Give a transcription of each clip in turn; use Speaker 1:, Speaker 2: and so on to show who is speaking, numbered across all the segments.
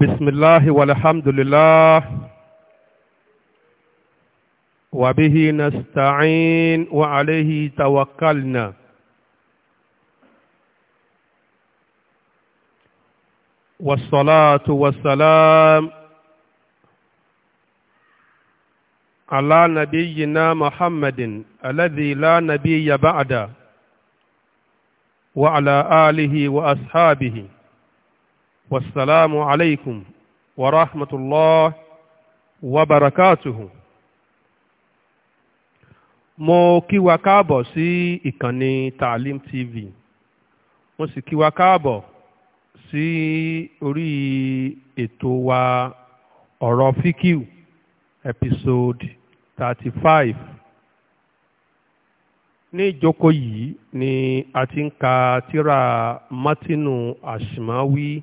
Speaker 1: بسم الله والحمد لله وبه نستعين وعليه توكلنا والصلاة والسلام على نبينا محمد الذي لا نبي بعده وعلى آله وأصحابه والسلام عليكم ورحمة الله وبركاته mo kiwa kaabo si ikani taalim tv mo si kiwa kaabo si ori etowa wa oro fikiu episode 35 ni ijoko yi ni a ti n tira matinu asimawi. wi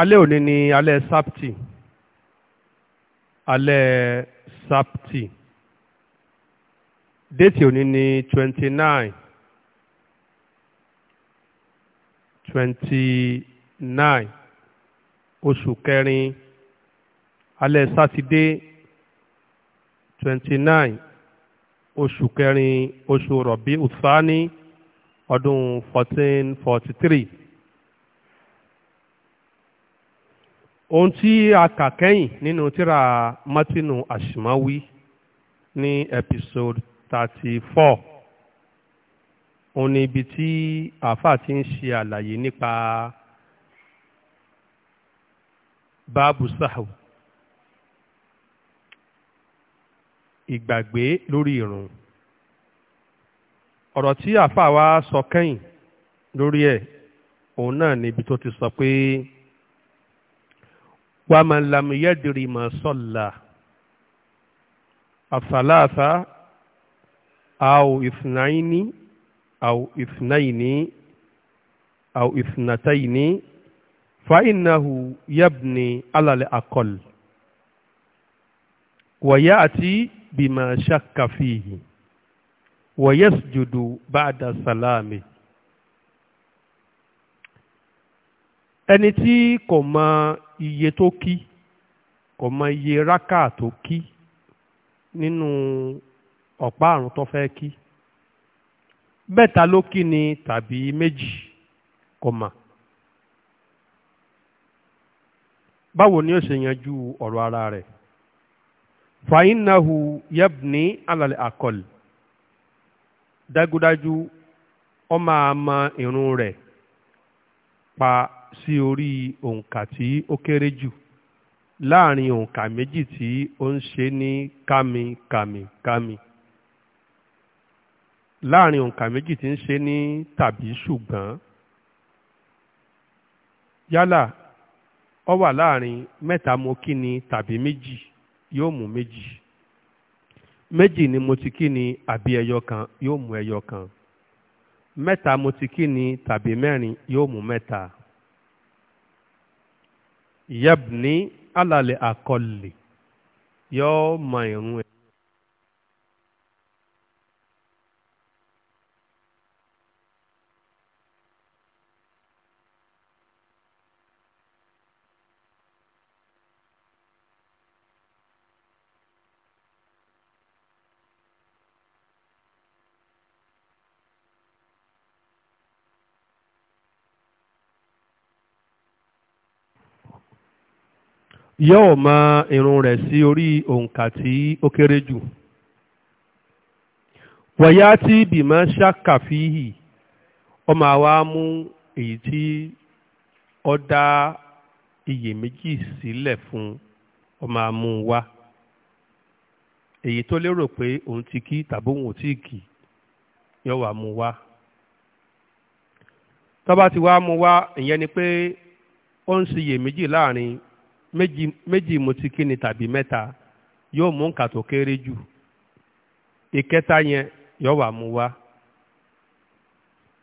Speaker 1: alẹ́ òní ni alẹ́ sáptì alẹ́ sáptì déètì òní ni twenty nine twenty nine oṣù kẹrin alẹ́ sátidé twenty nine oṣù kẹrin oṣù rọ̀bí ùsáni ọdún fourteen forty three. ohun tí a kà kẹ́yìn nínú tíra mọ́tínú àṣìmáwí ní episode thirty four òun ni ibi tí àáfà ti ń ṣe àlàyé nípa báàbù sáhù ìgbàgbé lórí ìrùn ọ̀rọ̀ tí àáfà wa sọ kẹ́yìn lórí ẹ̀ òun náà ni ibi tó ti sọ pé wa man lam yadri ma salla asalasa au ifnaini au ifnaini au ifnataini fa innahu yabni ala al-aqall wa ya'ti bima shakka fihi wa yasjudu ba'da salami ẹni tí kò mọ iye tó kí kò mọ iye rákà tó kí nínú ọ̀pá àrùn tó fẹ́ kí mẹ́ta ló kí ni tàbí méjì kò mọ̀ báwo ni ó ṣe yanjú ọ̀rọ̀ ara rẹ̀ fàyínnahu yabni alàlẹ́ àkọlù dájúdájú ọ máa mọ irun rẹ̀ pa sí orí òǹkà tí ó kéré jù láàrin òǹkà méjì tí ó ń ṣe ní kámi kámi kámi láàrin òǹkà méjì tí ń ṣe ní tàbí ṣùgbọ́n yálà ó wà láàrin mẹ́ta mo kí ni tàbí méjì yóò mú méjì méjì ni mo ti kí àbí ẹyọ kan yóò mú ẹyọ kan mẹ́ta mo ti kí tàbí mẹ́rin yóò mú mẹ́ta yabni alàlẹ́ àkọlẹ̀ yọ́ mọ ìrún ẹ̀. yóò ma irun rẹ̀ sí orí òǹkà tí ó kéré jù wọ̀yá tí bìmọ̀ ṣàkàfíhì ó máa wá mú èyí tí ó dá iyèméjì sílẹ̀ fún ó máa mú un wá èyí tó lérò pé òun ti kí tàbí òun ò tí kì yóò wá mú un wá tó ti wá mú un wá ìyẹn ni pé ó ń ṣiyèméjì láàrin méjì méjì mo ti kí ni tàbí mẹ́ta yóò mú nǹkan tó kéré jù ìkẹta yẹn yóò wá mú wá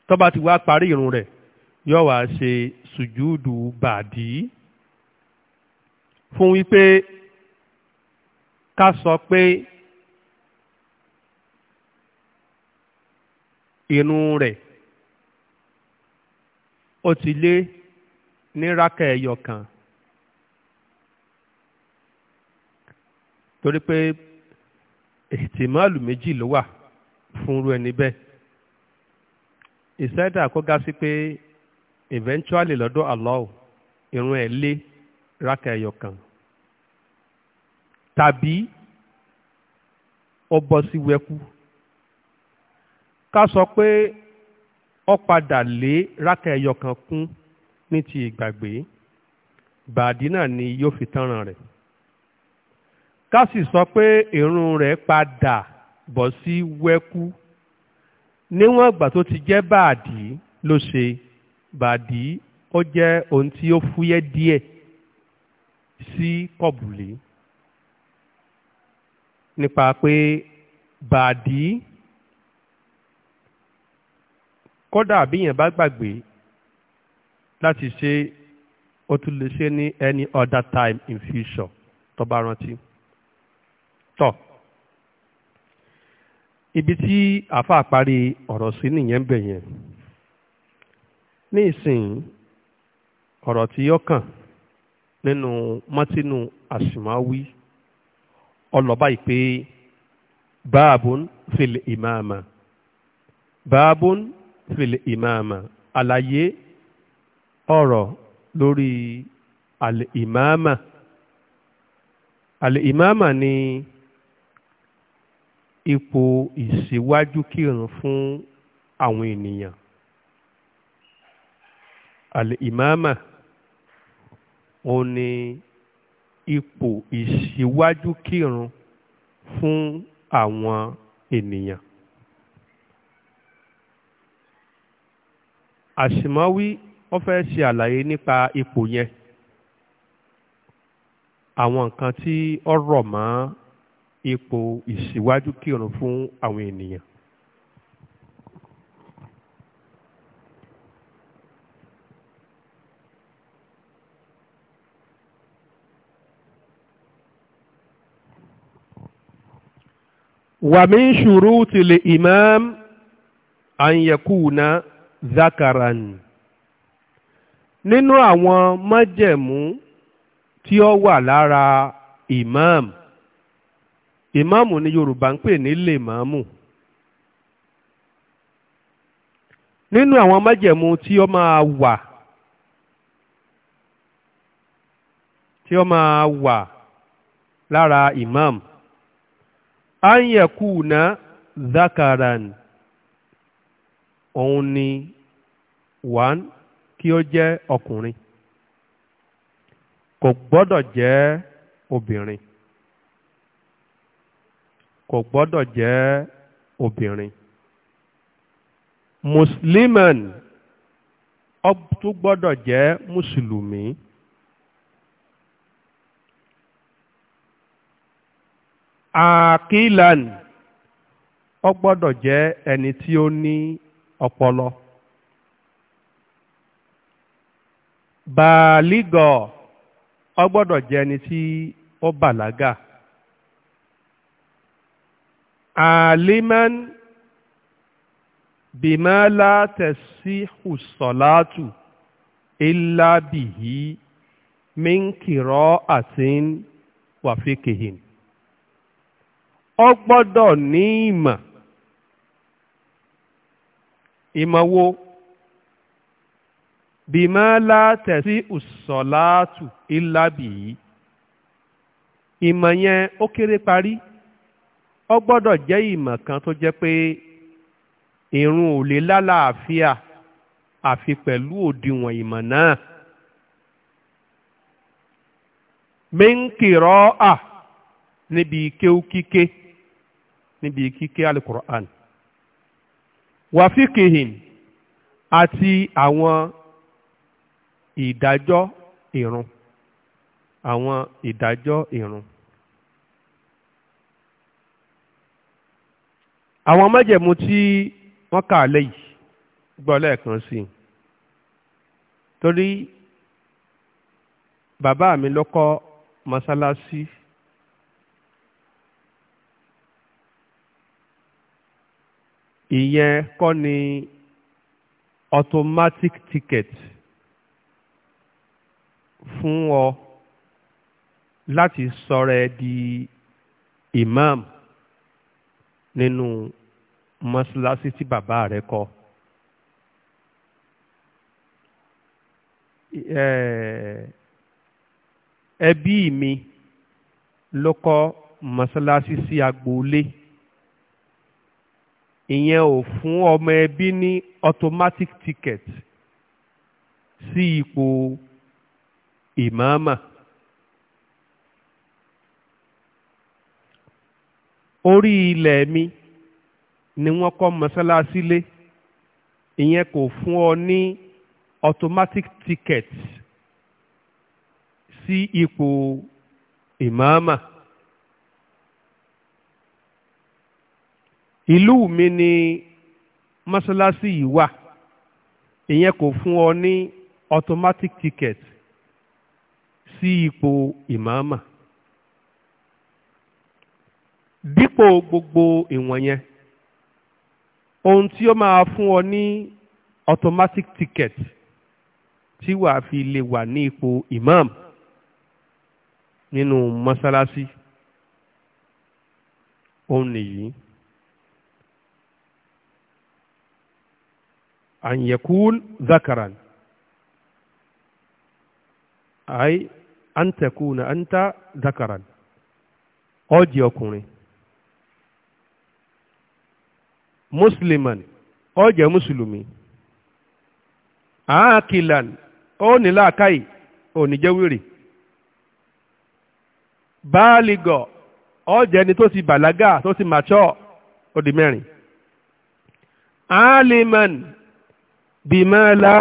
Speaker 1: tó bá ti wá parí irun rẹ̀ yóò wá ṣe sùjúdù bàdí fún wípé ká sọ pé irun rẹ̀ ó ti lé ní rákà ẹyọ kan. torí pé ètìmọ́ọ̀lù méjì ló wà fún irú ẹni bẹ́ẹ̀ ìṣẹ́dá kó ga sí pé eventually lọ́dọ̀ Allah irun ẹ̀ lé rákà ẹyọ kan tàbí ó bọ́ sí wẹ́kú ká sọ pé ó padà lé rákà ẹyọ kan kún ní ti ìgbàgbé ni yóò fi tánràn rẹ̀. ká sì sọ pé irun rẹ̀ padà bọ̀ sí wẹ́kú níwọ̀n ìgbà tó ti jẹ́ bàdí ló ṣe bàdí ó jẹ́ ohun tí ó fúyẹ́ díẹ̀ sí kọ̀bùlé nípa pé bàdí kódà bíyàn bá gbàgbé láti ṣe ó tún lè ṣe ní any other time in future tó bá rántí tọ̀ ibi tí àáfàá parí ọ̀rọ̀ sí nìyẹn bẹ̀ yẹn ní ìsìn ọ̀rọ̀ tí yọ kàn nínú mọ́tínú àṣìmáwí ọlọ́ba ìpè báàbùn fìlì ìmáàmà báàbùn fìlì ìmáàmà àlàyé ọ̀rọ̀ lórí àlè ìmáàmà àlè ìmáàmà ni ipò ìṣíwájú kírun fún àwọn ènìyàn al-imama ó ní ipò ìṣíwájú kírun fún àwọn ènìyàn àṣìmọ́wí wọ́n fẹ́ ṣe àlàyé nípa ipò yẹn àwọn nǹkan tí ó rọ̀ mọ́ ipò ìṣíwájú kírun fún àwọn ènìyàn. ومن شروط الإمام أن يكون ذكرا nínú àwọn májẹ̀mú tí ó wà lára imam ìmáàmù ni Yorùbá ń pè ní lèmáàmù nínú àwọn májẹ̀mú tí ó máa wà tí ó máa wà lára ìmáàmù an yakuna zakaran òun ni one kí ó jẹ́ ọkùnrin kò gbọ́dọ̀ jẹ́ obìnrin. kò gbọ́dọ̀ jẹ́ obìnrin musliman ó tún gbọ́dọ̀ jẹ́ mùsùlùmí àkílan ó gbọ́dọ̀ jẹ́ ẹni tí ó ní ọpọlọ bàálígọ̀ ó gbọ́dọ̀ jẹ́ ẹni tí ó bàlágà aliman bima la tasihu salatu illa bihi min kira'atin wa fikihin ó gbọ́dọ̀ ní ìmọ̀ ìmọ̀ wo bima la tasihu salatu illa bihi ìmọ̀ yẹn ó kéré parí ó gbọ́dọ̀ jẹ́ ìmọ̀ kan tó jẹ́ pé ìrun ò lè lálàáfíà àfi pẹ̀lú òdiwọ̀n ìmọ̀ náà. minkirọ́ à níbi kéú kíké níbi kíké alukur'an wàfíkìhìn àti àwọn ìdájọ́ ìrun àwọn ìdájọ́ ìrun. àwọn májẹ̀mú tí wọ́n kà lẹ́yìn gbọ́ lẹ́ẹ̀kan sí i torí bàbá mi ló kọ́ ìyẹn kọ́ ni automatic ticket fún ọ láti sọ̀rọ̀ di imam nínú mọ́ṣáláṣí tí bàbá rẹ̀ kọ́. ẹbí mi ló kọ́ mọ́ṣáláṣí sí agboolé ìyẹn ò fún ọmọ ẹbí ní automatic ticket sí ipò ìmáàmà. Si orí ilẹ̀ mi ni wọ́n kọ́ mọ́sálásí lé ìyẹn kò fún ọ ní automatic ticket sí ipò ìmáàmà. ìlú mi ni mọ́sálásí yìí wà ìyẹn kò fún ọ ní automatic ticket sí ipò ìmáàmà dípò gbogbo ìwọ̀n yẹn ohun tí ó máa fún ọ ní automatic ticket tí wàá fi lè wà ní ipò imam nínú mọ́sálásí òun nìyí. أن يكون ذكرا أي أن تكون أنت ذكرا أو musliman ó jẹ́ mùsùlùmí àákìlan ó ní làákàyè ó ní jẹ́ wèrè báàlìgọ̀ ó jẹ́ ẹni tó ti bàlágà tó ti màtọ́ ó di mẹ́rin aliman bima la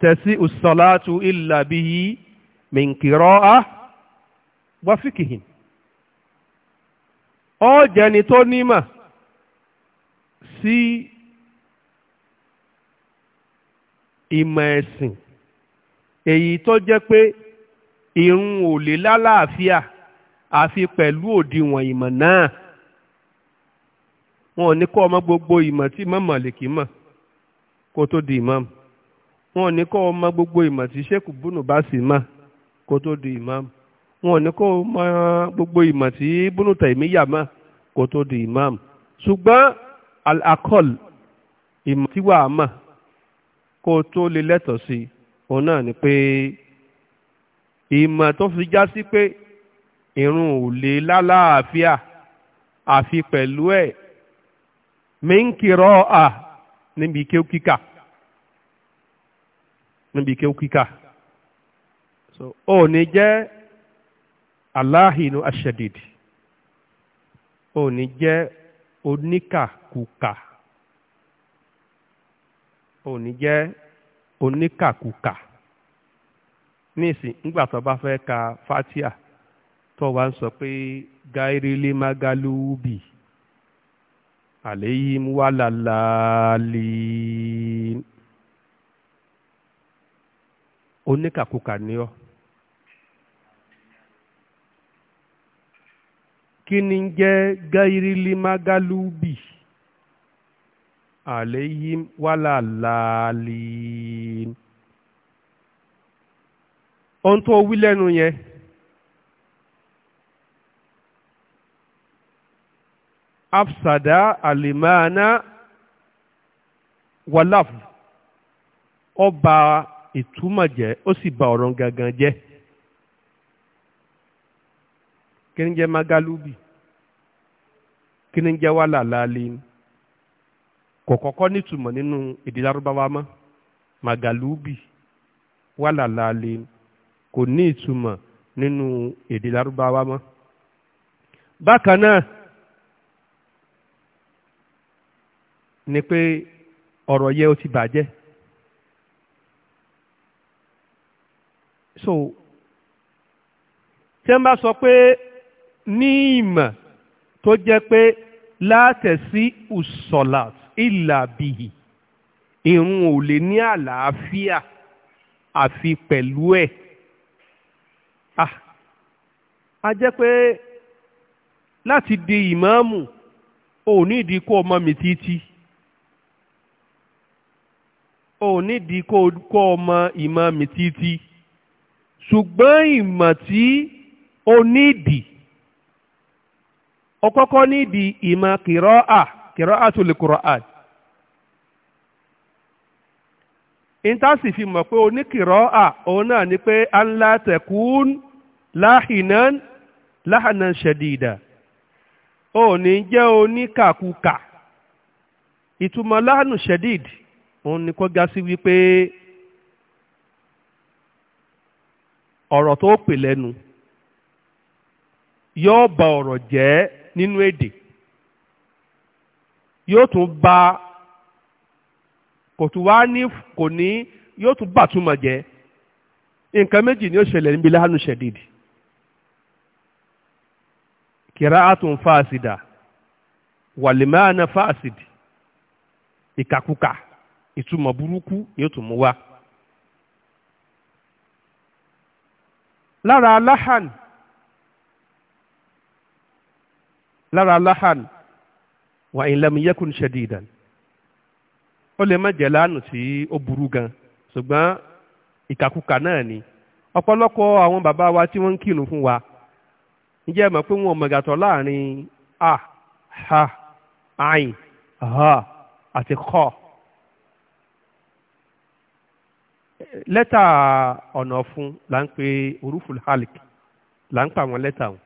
Speaker 1: tẹ̀sí ìsọ̀látù ìlà bihi min qira'ah wa ó jẹ́ ẹni tó nímọ̀ sí ìmọ̀ ẹ̀sìn èyí tó jẹ́ pé ìrun ò lè lálàáfíà àfi pẹ̀lú òdiwọ̀n ìmọ̀ náà wọn ò ní kọ́ ọmọ gbogbo ìmọ̀ tí Imam Málíkì mọ̀ kó tó di imam wọn ò ní kọ́ ọmọ gbogbo ìmọ̀ tí Sheikh Bunu Basi mọ̀ kó tó di imam wọn ò ní kọ́ ọmọ gbogbo ìmọ̀ tí Bunu Taymiyya mọ̀ kó tó di imam ṣùgbọ́n al-akol ìmọ̀ tí wàá mà kó tó lè lẹ́tọ̀ọ́ sí òun náà ni pé ìmọ̀ tó fi já sí pé ìrun ò lè lálàáfíà àfi pẹ̀lú ẹ̀ mínkìrọ́ à níbi kéw kíkà níbi kéw kíkà so ó ní jẹ́ aláhìnú aṣẹ́dìdì ó ní jẹ́ oníkàkùkà ò ní jẹ́ oníkàkùkà nísìn nígbà tó bá fẹ́ ka fatia tó wá ń sọ pé gáírílé mágálúbì àléyìn wàlàlàlì oníkàkùkà ni ọ́. kini ni ń jẹ́ gáírílì mágálúbì wala wàlàlàálì ohun tó wí lẹ́nu yẹn afsada alimana wàláfù ó ba ìtumọ̀ jẹ́ ó sì ba ọ̀rọ̀ gangan jẹ́. kí ni magalubi kí ni jẹ́ wàlàlálẹ́ kò kọ́kọ́ nítumọ̀ nínú èdè lárúbáwá mọ́ magalubi wàlàlálẹ́ kò ní ìtumọ̀ nínú èdè lárúbáwá mọ́ bákan náà ni pé ọ̀rọ̀ yẹ ó ti bàjẹ́ so tí wọ́n bá sọ pé ní ìmọ̀ tó jẹ́ pé látẹ̀sí usolat ìlàbìhì irun ò lè ní àlàáfíà àfi pẹ̀lú ẹ̀ ah, a jẹ́ pé láti di ìmáàmù ò ní ìdí kó ọmọ mi títí ò ní ìdí kó ọmọ ìmọ̀ mi títí ṣùgbọ́n ìmọ̀ tí o ó kọ́kọ́ nídi ìmọ̀ kìrọ́à kìrọ́à tó lè kùrọ́à ìntàsì fi mọ̀ pé oníkìrọ́à òun náà ni pé anla tẹ̀kún láhìnán láhànà ṣẹ̀dìdà ò ní jẹ́ oníkàkùkà ìtumọ̀ láhànù ṣẹ̀dìdì òun ni kó ga sí wípé ọ̀rọ̀ tó pè lẹ́nu yóò ba ọ̀rọ̀ jẹ́ nínú èdè yóò tún ba kò tún wá ní kò ní yóò tún bàtúmọ̀ jẹ́ nǹkan méjì ni ó ṣẹlẹ̀ níbi láhánú ṣẹ̀dìdì kìrá àtún fásidà wàlìmáàna fásidì ìkàkùkà ìtumọ̀ burúkú yóò tún mú wá lára láhánú lára láhàn wà in lam yakun shadidan ó lè má jẹ́ láàánú tí ó burú gan ṣùgbọ́n ìkàkùkà náà ni ọ̀pọ̀lọpọ̀ àwọn bàbá wa tí wọ́n ń kírun fún wa ǹjẹ́ mọ̀ pé wọn ò mọ̀gàtọ̀ láàrin a ha ayin ha àti kọ lẹ́tà ọ̀nà ọ̀fun là ń pe orúfùl halik là ń pa àwọn lẹ́tà wọn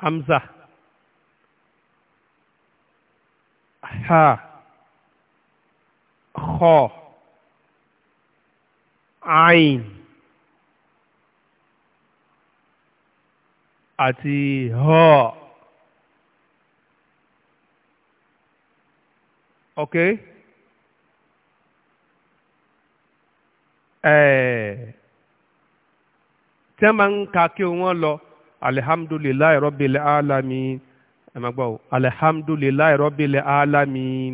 Speaker 1: Amza, ha kho ain àti họ ok ẹ̀ẹ́ eh. tí wọ́n máa ń ka kí wọ́n lọ alihamdulilayi rọ́bìl alamin ẹ máa gbọ́ o alihamdulilayi rọ́bìl alamin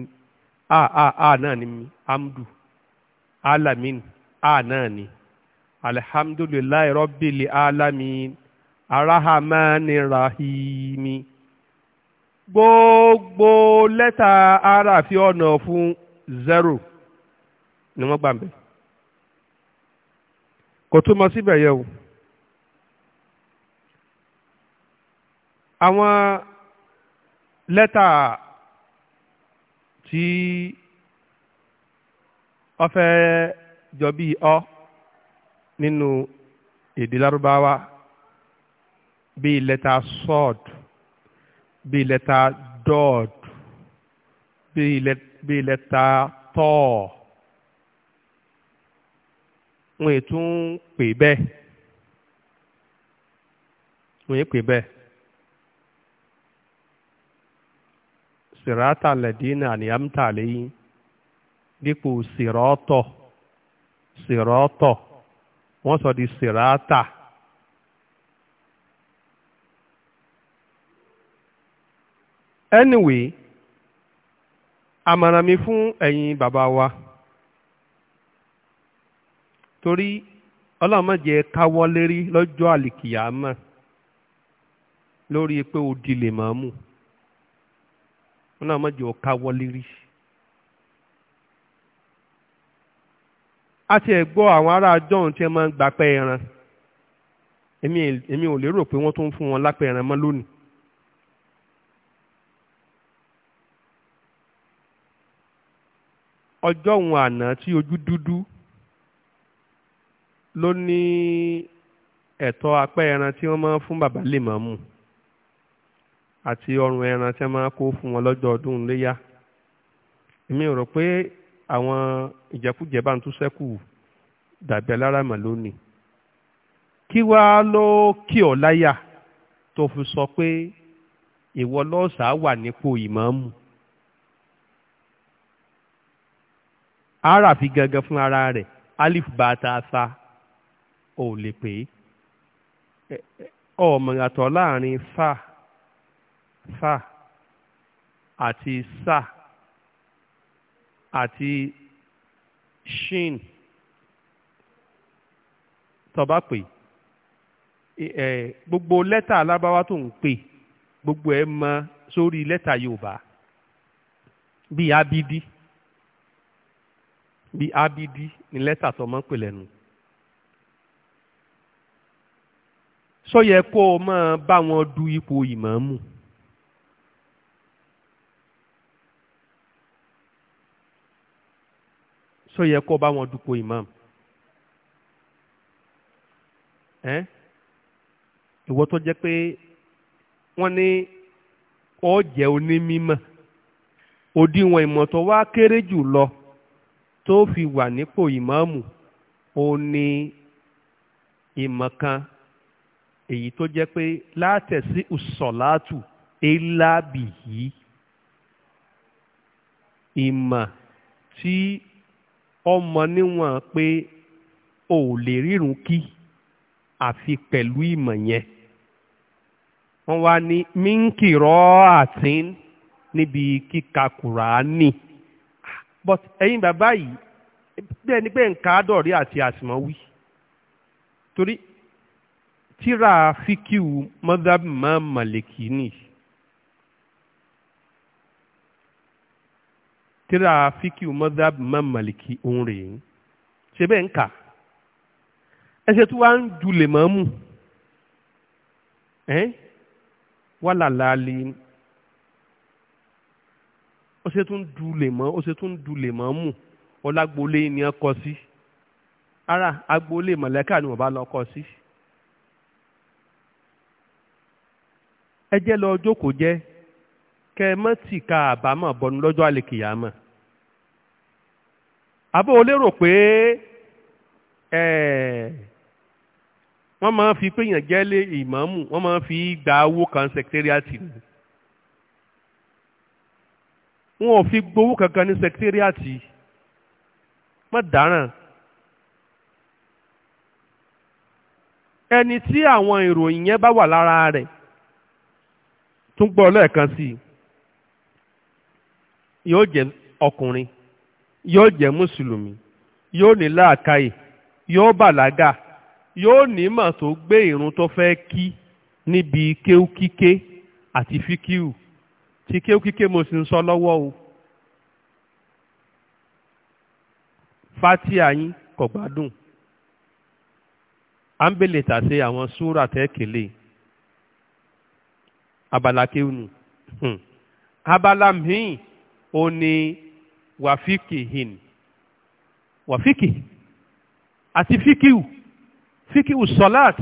Speaker 1: a a a náà ni mi amdu alamin a náà ni alihamdulilayi rọ́bìl alamin arahamani rahimi gbogbo lẹ́tà ara fi ọ̀nà fún zero ni wọ́n gbà kò túmọ̀ síbẹ̀ yẹ o. àwọn lẹ́tà tí ó fẹ́ jọ bí ọ nínú èdè lárúbáwá bíi lẹ́tà sọ́ọ̀d bíi lẹ́tà dọ́ọ̀d bíi lẹ́tà tọ́ọ̀ wọn ètò ń pè bẹ́ẹ̀ wọn ètò pè bẹ́ẹ̀. sìrátà lẹ́dínà ní amtàlẹ́yìn dípò sìrọ́tọ̀ sìrọ́tọ̀ wọ́n sọ di sìrátà. anyway àmàràn mi fún ẹ̀yin bàbá wa torí ọlọ́mọdé káwọ́ lérí lọ́jọ́ àlìkìyàmọ̀ lórí pé ó dilè màmú. wọn náà mọ̀jọ káwọ́ lérí. a ti ẹ̀ gbọ́ àwọn ará john tí ẹ máa ń gbapẹ́ ẹran èmi ò lérò pé wọ́n tún ń fún wọn lápẹ́ ẹran mọ́ lónìí. ọjọ́ òun àná tí ojú dúdú ló ní ẹ̀tọ́ apẹ́ ẹran tí wọ́n máa ń fún bàbá lè máa mú un. àti ọrùn ẹran tí wọ́n máa kó fún wọn lọ́jọ́ ọdún léyà èmi rò pé àwọn ìjẹkújẹ bá ń tún ṣẹ́kù dàbí aláràmà lónìí kí wá ló kí ọ láyà tó fi sọ pé ìwọ lọ́sàá wà nípò ìmáàmù ara fi gangan fún ara rẹ̀ alif bata sa ò lè pè é ọmọ ìyàtọ̀ láàrin fa fa àti sa àti shin tọba pè ẹ gbogbo lẹ́tà alábáwá tó ń pè gbogbo ẹ mọ sórí lẹ́tà yorùbá bíi abidi bíi abidi ni lẹ́tà tọmọ pè lẹ́nu. sọ yẹ kó o máa bá wọn du ipò ìmáàmù. so yẹ kó bá wọn dupò imam ẹ ìwọ tó jẹ́ pé wọ́n ní ọ jẹ́ onímímọ̀ òdiwọ̀n ìmọ̀ tó wá kéré jù lọ tó fi wà nípò ìmáàmù ó ní ìmọ̀ kan èyí tó jẹ́ pé látẹ̀sí ìsọ̀látù elábìyí ìmọ̀ tí ọmọ níwọ̀n pé o ò lè rírun kí àfi pẹ̀lú ìmọ̀ yẹn wọ́n wá ní mínkìrọ́ àtín níbi kíka kùránì but ẹ̀yin bàbá yìí bẹ́ẹ̀ ni pé nǹka àdọ̀rí àti àsìmọ́wí torí tíra fíkìú mọ́dábì máa màlèkì nìyí tíra fíkì mọ́dáb Imam Màlìkì òun rèé ṣe bẹ́ẹ̀ ń kà ẹsẹ̀ tí wàá ń julè mọ́ mú ẹ́ wàlà láàlì ó ṣe tún dulè mọ́ ó ṣe ni ẹ kọ ara agbólé mọ̀lẹ́kà ni wọ́n bá lọ kọ sí. ẹ jẹ́ lọ jókòó jẹ́ kẹmẹ́tì ka àbámọ̀ bọnu lọ́jọ́ àlekìyàmọ̀ àbó o lérò pé wọ́n máa fi péyàn jẹ́lé ìmáàmù wọ́n máa fi gba owó kan sẹkítẹ́rìàtì ni wọn ò fi gbowó kankan ní sẹkítẹ́rìàtì má dáràn ẹni tí àwọn ìròyìn yẹn bá wà lára rẹ̀ tún gbọ́ lẹ́ẹ̀kan sí i yóò jẹ́ ọkùnrin yóò jẹ́ mùsùlùmí yóò ní làákàyè yóò bàlágà yóò ní mà tó gbé ìrun tó fẹ́ kí níbi kéú kíké àti fíkíù tí kéú kíké mo sì ń sọ lọ́wọ́ o. fatia yín kò gbádùn à ń bèlè tàṣe àwọn súrà tẹ́kẹ̀lé abala kéwù hmm. abala miin ó ní wàfíkìhìn wàfíkì àti fíkìwù fíkìwù sọláàt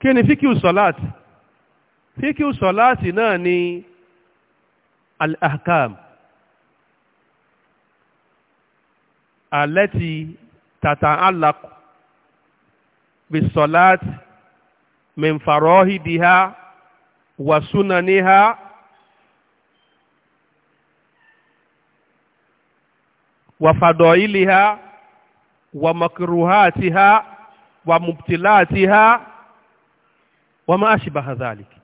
Speaker 1: kí ni fíkìwù sọláàt fíkìwù sọláàt náà ni al-ahkam alẹ́tì tàtà alákù bisọláàt mẹ́fàrọ́hìdìhá wàsúnaníhá وفضائلها ومكروهاتها ومبتلاتها وما أشبه ذلك